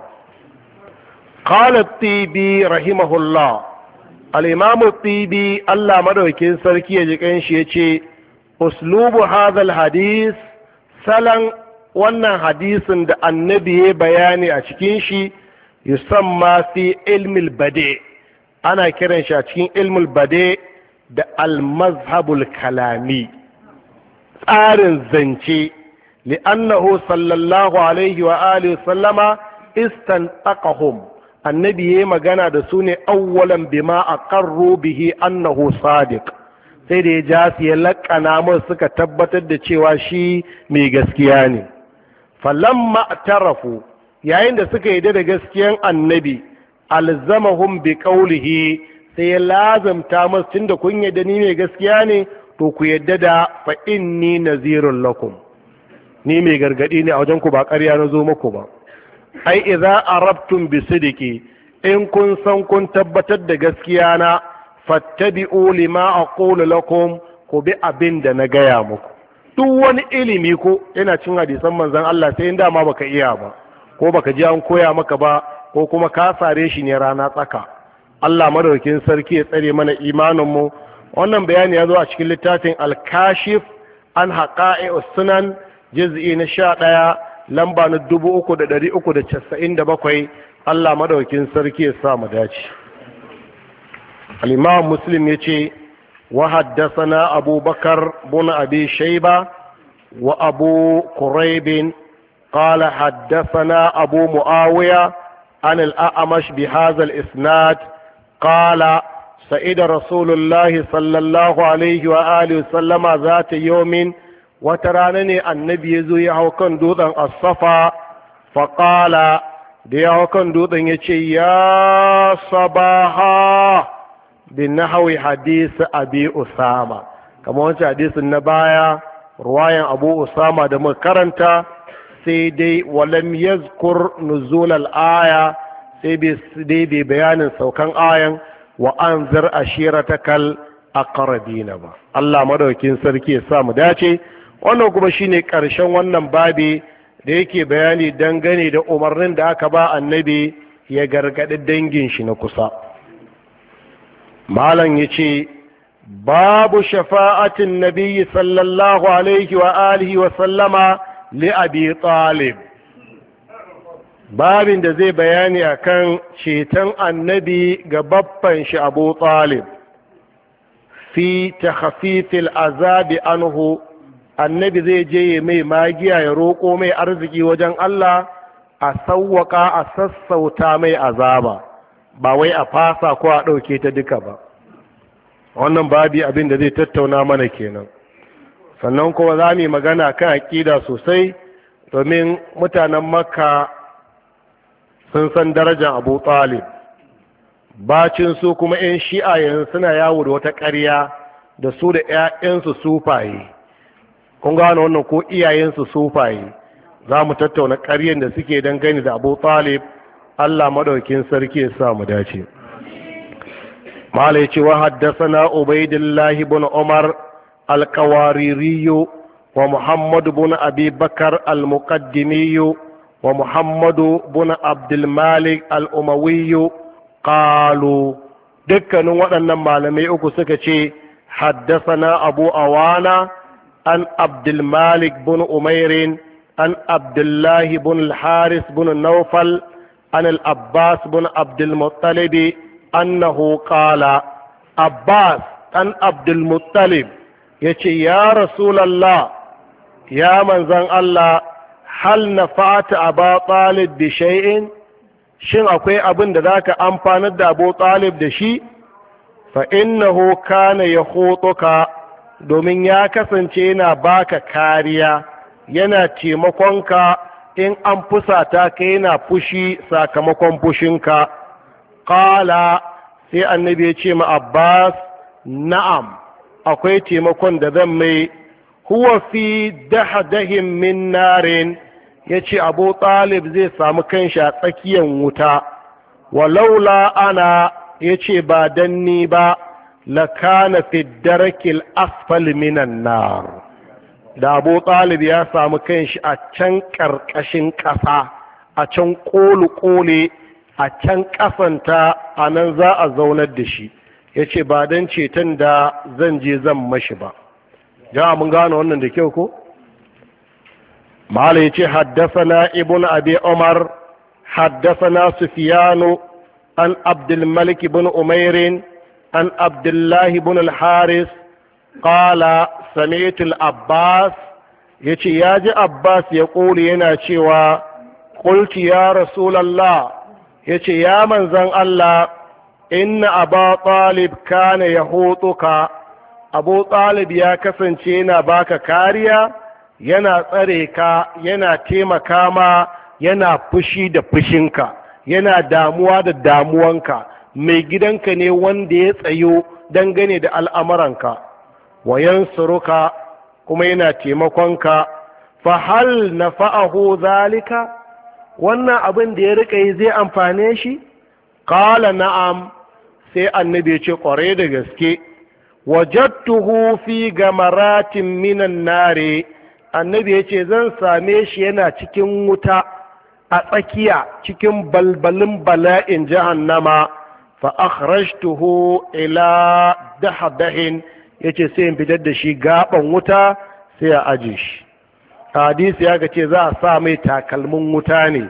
ƙalattibi rahimahullah al'imamu tibi allah madaukin sarki ya ji ƙanshi ya ce uslubu hazal hadis salan wannan hadisin da annabi ya bayani a cikin shi yusamma fi ilmil bade' ana kiran shi a cikin ilmul bade da almazhabul kalami tsarin zance annahu sallallahu alaihi wa alihi sallama istanqahum annabi yayi magana da su ne awwalan bima aqarru bihi annahu sadiq sai da ya ja su ya lakana mun suka tabbatar da cewa shi mai gaskiya ne falamma matarafu yayin da suka yi da gaskiyan annabi alzamahum bi qawlihi sai ya lazamta masu tunda kun yadda ni mai gaskiya ne to ku yadda da fa inni nazirun lakum ni mai gargadi ne a wajen ku ba ƙarya na zo muku ba ai idza arabtum bi sidiki in kun san kun tabbatar da gaskiya na fattabi'u lima aqulu lakum ku bi abin da na gaya muku duk wani ilimi ko yana cin hadisan manzon Allah sai in dama baka iya ba ko baka ji an koya maka ba ko kuma ka sare shi ne rana tsaka Allah madaukakin sarki ya tsare mana imanin mu wannan bayani ya zo a cikin littafin al-kashif an haqa'i sunan juz'i na 11 lamba na 3397 Allah madaukakin sarki ya sa mu dace al-imam muslim yace wa haddathana abubakar bin abi shayba wa abu quraib قال حدثنا أبو معاوية عن الأعمش بهذا الإسناد قال سئد رسول الله صلى الله عليه وآله وسلم ذات يوم وترانني النبي يزوي هوكن دودا الصفا فقال دي هوكن دودا يشي يا صباحا بنحو حديث أبي أسامة كما هو حديث النبايا رواية أبو أسامة دم كرنتا sai dai walam yazkur nuzul al-aya sai dai bai bayanin saukan ayan wa anzir ashiratakal aqrabina ba Allah madaukin sarki ya sa mu dace wannan kuma shine karshen wannan babi da yake bayani dangane da umarnin da aka ba annabi ya gargaɗi dangin shi na kusa malam yace babu shafa'atin Nabiyyu sallallahu alaihi wa alihi wa sallama li abi talib babin da zai bayani akan ceton annabi ga babban shi abu talib fi takhafifil azabi anhu annabi zai je mai magiya ya roƙo mai arziki wajen Allah a sauwaka a sassauta mai azaba ba wai a fasa ko a ɗauke ta duka ba wannan babi abin da zai tattauna mana kenan sannan kuma za mu yi magana kan aƙida sosai domin mutanen makka sun san darajar abu talib bacin su kuma 'yan shi'a yanzu suna yawo da wata ƙarya da su da 'ya'yansu sufaye kun gano wannan ko iyayensu sufaye za mu tattauna ƙaryen da suke don gani da abu talib allah maɗaukin sarki ya sa mu dace malai wa haddasa na ubaidillahi bin umar القواريري ومحمد بن أبي بكر المقدمي ومحمد بن عبد المالك الأموي قالوا دكن وأن معلمي أكسكتي حدثنا أبو أوانا عن عبد المالك بن أمير عن عبد الله بن الحارث بن نوفل عن العباس بن عبد المطلب أنه قال عباس عن عبد المطلب ya ce ya rasulallah ya manzan Allah hal na fata a ba talib da sha'in? shin akwai abin da za ka amfanar da abu talib da shi fa innahu kana ya hoɗuka, domin ya kasance yana baka kariya yana taimakonka in an fusata ka yana fushi sakamakon fushinka ƙala sai annabi ya ce ma abbas na'am akwai taimakon da zan mai huwa fi dahadahin min narin ya ce abu talib zai samu kanshi a tsakiyar wuta walaula ana ya ce ba dan ni ba lakana fi darakil asfal minan nar da abu talib ya samu kanshi a can ƙarƙashin ƙasa a can ƙolu-ƙole a can ƙasanta a nan za a zaunar da shi ya ce ba don ceton da zan je zan mashi ba jama mun gano wannan da kyau ko mahala ya ce haddasana ibn abi umar haddasana sufiyanu an abdulmalik ibn umairin an abdullahi ibn al-haris qala sami'tu al-abbas yace ji abbas ya kuli yana cewa qulti ya rasulullah yace ya manzan allah in aba talib kana ya hotuka abu talib ya kasance yana baka kariya yana tsare ka yana taimaka ma yana fushi da fushinka yana damuwa da damuwanka mai gidanka ne wanda ya tsayo dangane da al'amuranka wayan suruka kuma yana taimakonka fahal na fa'aho zalika wannan abin da ya rika yi zai amfane shi ƙala na'am sai annabi ya ce kwarai da gaske wajattuhu fi gamaratin minan nare annabi ya ce zan same shi yana cikin wuta a tsakiya cikin balbalin bala'in jahannama fa akhrajtuhu ila dahdahin yace sai in fitar da shi gaban wuta sai a aji. shi hadisi ya ce za a sa mai takalmin wuta ne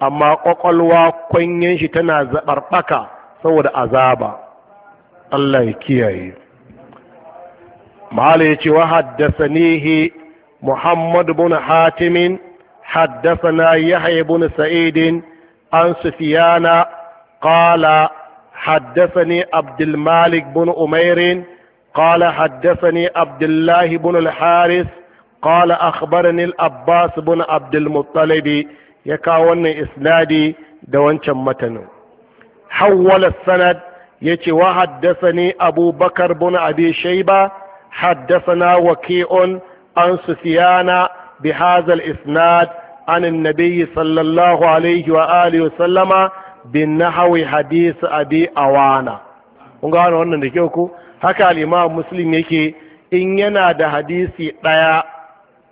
amma kwakwalwa kwanyen shi tana zaɓarɓaka saboda azaba Allah ya kiyaye mahala ya ce wa haddasa nihi muhammadu bin haddasa na yahaya bin sa'idin an sufiyana kala haddasa ne abdulmalik bin umairin kala haddasa ne abdullahi bin alharis kala ni Abbas bin abdulmuttalibi ya kawo wannan isnadi da wancan matanin hawwala sanad yace wa haddathani Abu Bakar bin Abi Shayba haddathana Waqi'un an Sufyana bi hadha al-isnad an an-nabiy sallallahu alayhi wa alihi wa sallama bin nahwi hadith Abi Awana kun ga wannan da kyau ko haka al-Imam Muslim yake in yana da hadisi ɗaya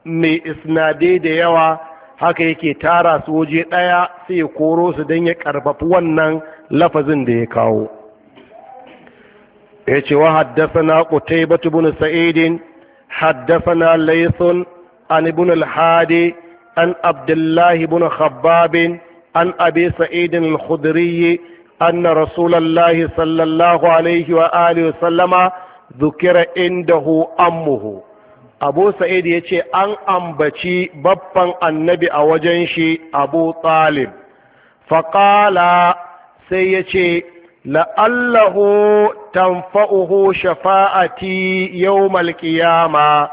mai isnadai da yawa haka yake tara su waje ɗaya sai koro su dan ya ƙarfafi wannan lafazin da ya kawo ya ce wa haddasana qutaybatu bin sa'idin haddasana laythun an ibn al-hadi an abdullahi bin khabbab an abi sa'id al-khudri أن رسول الله صلى الله عليه وآله وسلم ذكر عنده أمه أبو سعيد يتي أن أنبتي بابا النبي أوجنشي أبو طالب فقال sai ya ce la'allahu tanfa'uhu shafa'ati yau malkiyama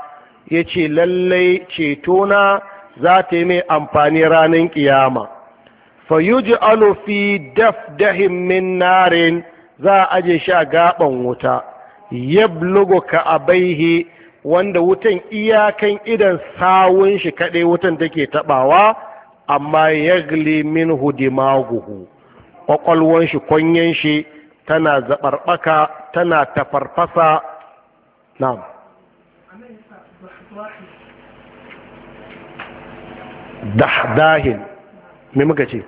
ya ce lallai cetona za ta yi mai amfani ranar ƙiyama fayuji alufi daf dahin min narin za a aje shi a gaban wuta yablugo ka abaihi wanda wutan iyakan idan sawun shi kaɗai wutan take taɓawa amma yagli min hudimaguhu Ƙwaƙwalwan shi kwanyen shi tana zaɓarɓaka tana tafarfasa na'am dahdahin me muka ce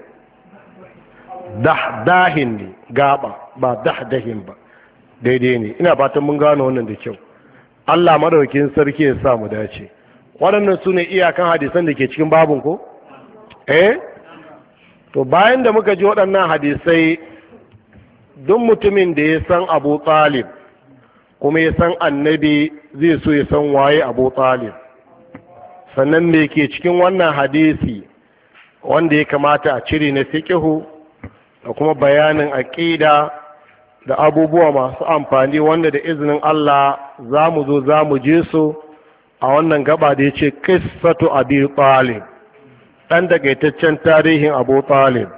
dahdahin ne gaba ba dahdahin ba daidai ne ina fatan mun gano wannan da kyau Allah madaukin sarki ya sa mu dace waɗannan su ne iyakan hadisan da ke cikin babin ko eh to bayan da muka ji waɗannan hadisai duk mutumin da ya san abu talib kuma ya san annabi zai so ya san waye abu talib sannan me ke cikin wannan hadisi wanda ya kamata a cire na fiƙihu da kuma bayanin aƙida da abubuwa masu amfani wanda da izinin Allah za mu zo za mu je su a wannan gaba da ya ce kissatu abu talib ɗan dagaitaccen tarihin abu talib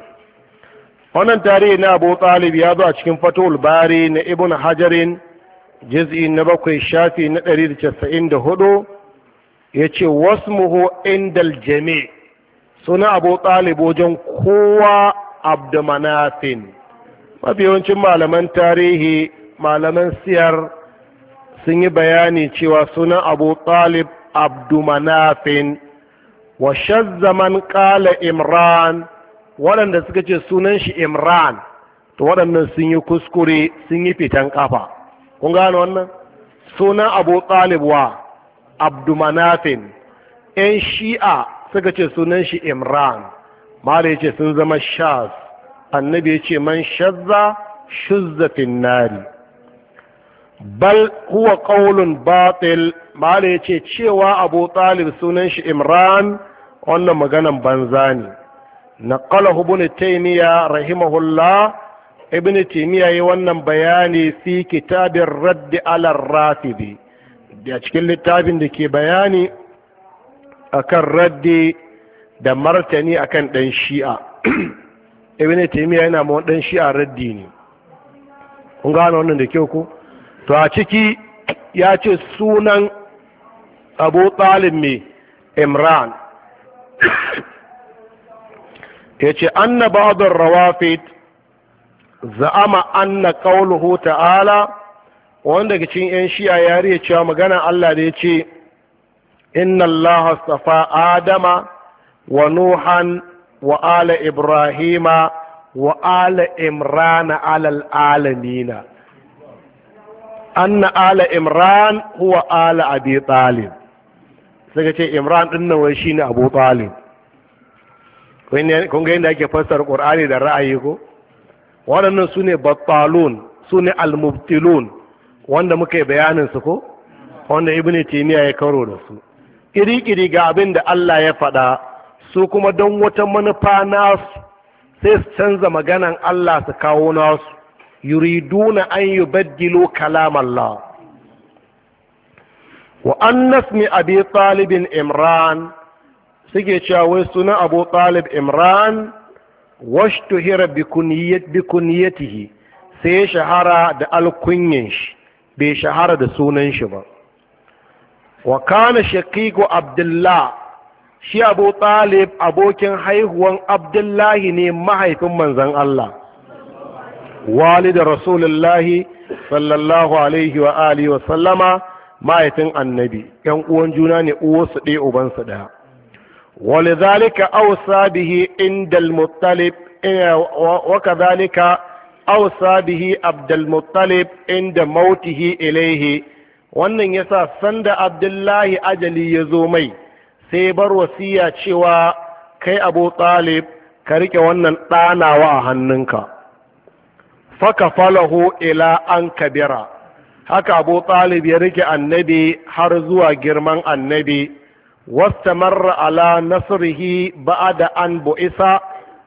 wannan tarihi na abu talib ya zo a cikin fatul bari na ibn hajarin jiz'i na bakwai shafi na ɗari da casa'in da hudu ya ce wasmuhu indal jami suna abu talib wajen kowa abdumanafin mafi yawancin malaman tarihi malaman siyar sun yi bayani cewa sunan abu talib abdumanafin wa shazzaman ƙala imran waɗanda suka ce sunan shi imran to waɗannan sun yi kuskure sun yi fitan kafa. kun gano wannan sunan abu talib wa abdumanafin 'yan shi'a suka ce sunan shi imran mara ce sun zama shaz annabi ya ce man shazza shuzzafin nari bal huwa qawlun batil mala cewa abu talib sunan shi imran wannan maganan banza ne naqalahu ibn rahima rahimahullah ibn taimiya yi wannan bayani fi kitabin raddi ala rafidi da cikin littafin da ke bayani akan raddi da martani akan dan shi'a ibn taimiya yana mawa dan shi'a raddi ne kun gano wannan da kyau ko to a ciki ya ce sunan abu talib mai imran Yace ce anna ba'adun rawafid za'ama anna qauluhu ta'ala wanda daga cikin yan shi'a ya riya cewa magana Allah da ya ce inna Allah safa adama wa nuhan wa ala ibrahima wa ala imrana alal alamina anna ala imran huwa ala abi talib suka ce imran din nan wai shine abu talib kun ga yadda ake fassara qur'ani da ra'ayi ko waɗannan su ne battalun su ne almubtilun wanda muka yi bayanin su ko wanda ibn timiya ya karo da su iri-iri ga abin da Allah ya faɗa su kuma don wata manufa nasu sai su canza maganan Allah su kawo nasu yuriduna an yubaddilu kalamallah wa annas ne abi talibin imran suke cewa wai sunan abu talib imran washtuhira bikuniyatihi sai shahara da alkunyin shi bai shahara da sunan shi ba wa kana shaqiqu abdullah shi abu talib abokin haihuwan abdullahi ne mahaifin manzan Allah walidar rasulullahi sallallahu alaihi wa alihi wa sallama mahaifin annabi yan uwan juna ne uwarsu ɗaya ubansu ɗaya wale zalika ausa bihi indal muttalib waka zalika ausa bihi abdul muttalib inda mautihi ilaihi wannan yasa sanda abdullahi ajali ya zo mai sai bar wasiya cewa kai abu talib ka rike wannan ɗanawa a hannunka faka falahu ila an kabira haka abu talib ya rike annabi har zuwa girman annabi wastamarra ala nasrihi ba'da an bu'isa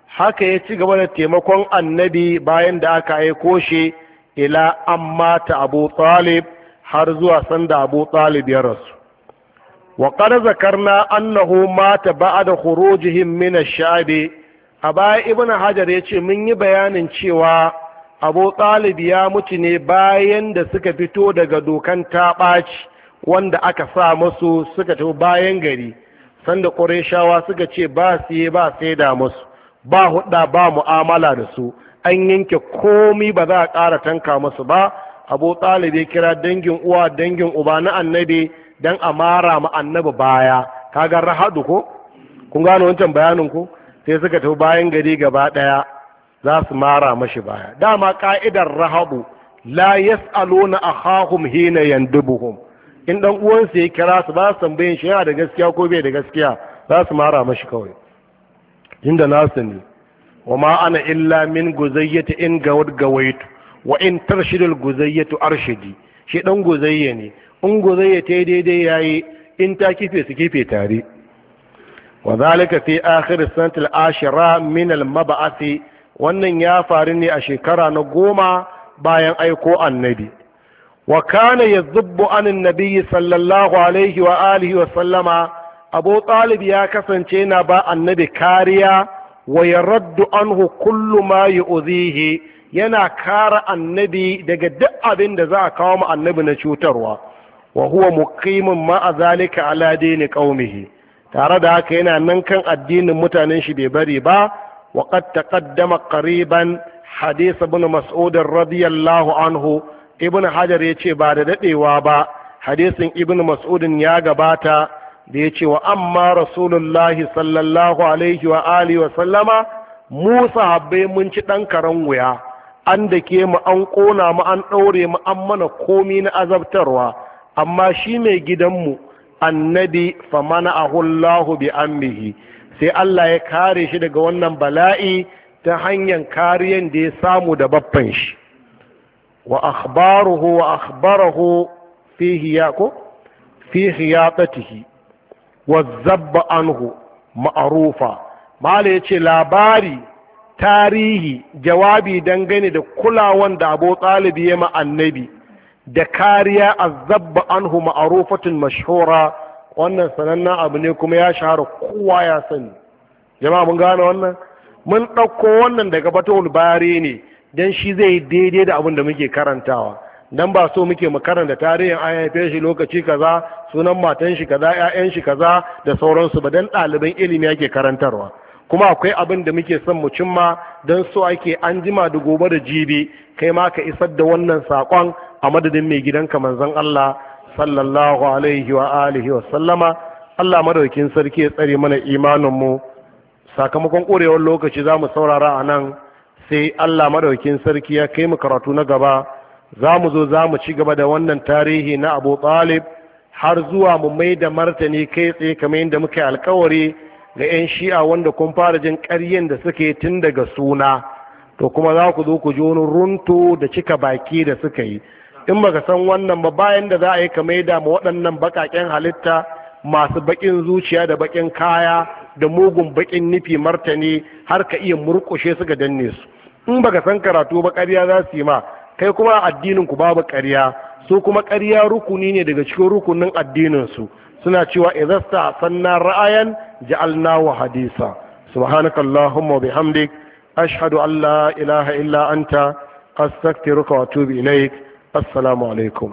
haka ya ci gaba da taimakon annabi bayan da aka aiko shi ila an mata abu talib har zuwa sanda abu talib ya rasu wa qad zakarna annahu mata ba'da khurujihim min ash-sha'bi a baya ibn hajar ya ce mun yi bayanin cewa abu talib ya mutu ne bayan da suka fito daga dokan taɓaci wanda aka sa masu suka tafi bayan gari sanda ƙureshawa suka ce ba siye ba saida masu ba hudda ba mu'amala da su an yanke komi ba za a ƙara tanka masu ba abu talib ya kira dangin uwa dangin uba na annabi don a mara ma annabi baya kaga rahadu ko kun gano wancan bayanin ko sai suka tafi bayan gari gaba ɗaya za su mara mashi baya dama ka'idar rahabu la yas'aluna akhahum hina yandubuhum in dan uwansu ya kira su ba su tambayin shi yana da gaskiya ko bai da gaskiya za su mara mashi kawai inda nasu ne wa ma ana illa min guzayyati in gawad gawaitu wa in tarshidul guzayyatu arshidi shi dan guzayya ne in guzayya ta daidai yayi in ta kife su kife tare wa zalika fi akhir sanatil ashira min al-mab'ath wannan ya faru ne a shekara na goma bayan aiko annabi wa kana yazubbu anin nabiyyi sallallahu alaihi wa alihi wa sallama abu talib ya kasance yana ba annabi kariya wa raddu anhu kullu ma yana kara annabi daga duk abin da za a kawo ma annabi na cutarwa wa huwa muqimin ma zalika ala dini qaumihi tare da haka yana nan kan addinin mutanen shi bai bari ba وقد تقدم قريبا حديث ابن مسعود رضي الله عنه ابن حجر يتي بعد دقيوا با حديث ابن مسعود يا غباتا da ya ce wa amma rasulullahi sallallahu alaihi wa alihi wa sallama mun ci ɗan karen wuya an da ke mu an ƙona mu an ɗaure mu an mana komi na azabtarwa amma shi mai gidanmu annabi famana ahullahu bi ammihi sai Allah ya kare shi daga wannan bala'i ta hanyar kariyan da ya samu da baffan shi wa akhbaruhu wa akhbarahu fihi yaqo fihi yaqatihi wa zabba anhu ma'rufa mala yace labari tarihi jawabi dangane da kulawan da Abu Talib ya ma annabi da kariya azabba anhu ma'rufatun mashhura wannan sanannen abu ne kuma ya shahara kowa ya sani jama'a mun gane wannan mun ɗauko wannan daga bata bari ne don shi zai yi daidai da abin da muke karantawa dan ba so muke mu karanta tarihin an haife shi lokaci kaza sunan matan shi kaza yayan shi kaza da sauransu ba dan ɗaliban ilimi yake karantarwa kuma akwai abin da muke son mu cimma don so ake an jima da gobe da jibi kai ma ka isar da wannan saƙon a madadin mai gidan gidanka manzon Allah sallallahu alaihi wa alihi wa sallama Allah madaukin sarki ya tsare mana imanin mu sakamakon ƙorewar lokaci za mu saurara a nan sai Allah madaukin sarki ya kai mu karatu na gaba za mu zo za mu ci gaba da wannan tarihi na Abu Talib har zuwa mu mai da martani kai tsaye kamar yadda muke alkawari ga 'yan shi'a wanda kun fara jin ƙaryen da suke tun daga suna to kuma za ku zo ku ji wani runtu da cika baki da suka yi in baka san wannan ba bayan da za a yi ka maida ma waɗannan baƙaƙen halitta masu baƙin zuciya da baƙin kaya da mugun baƙin nufi martani har ka iya murƙushe su ga danne su in baka san karatu ba ƙarya za su yi ma kai kuma addinin ku babu ƙarya su kuma ƙarya rukuni ne daga cikin rukunin addinin su suna cewa izasta sanna ra'ayan ja'alna wa hadisa subhanakallahumma wa bihamdik ashhadu an la ilaha illa anta astaghfiruka wa atubu ilaik assalamu alaikum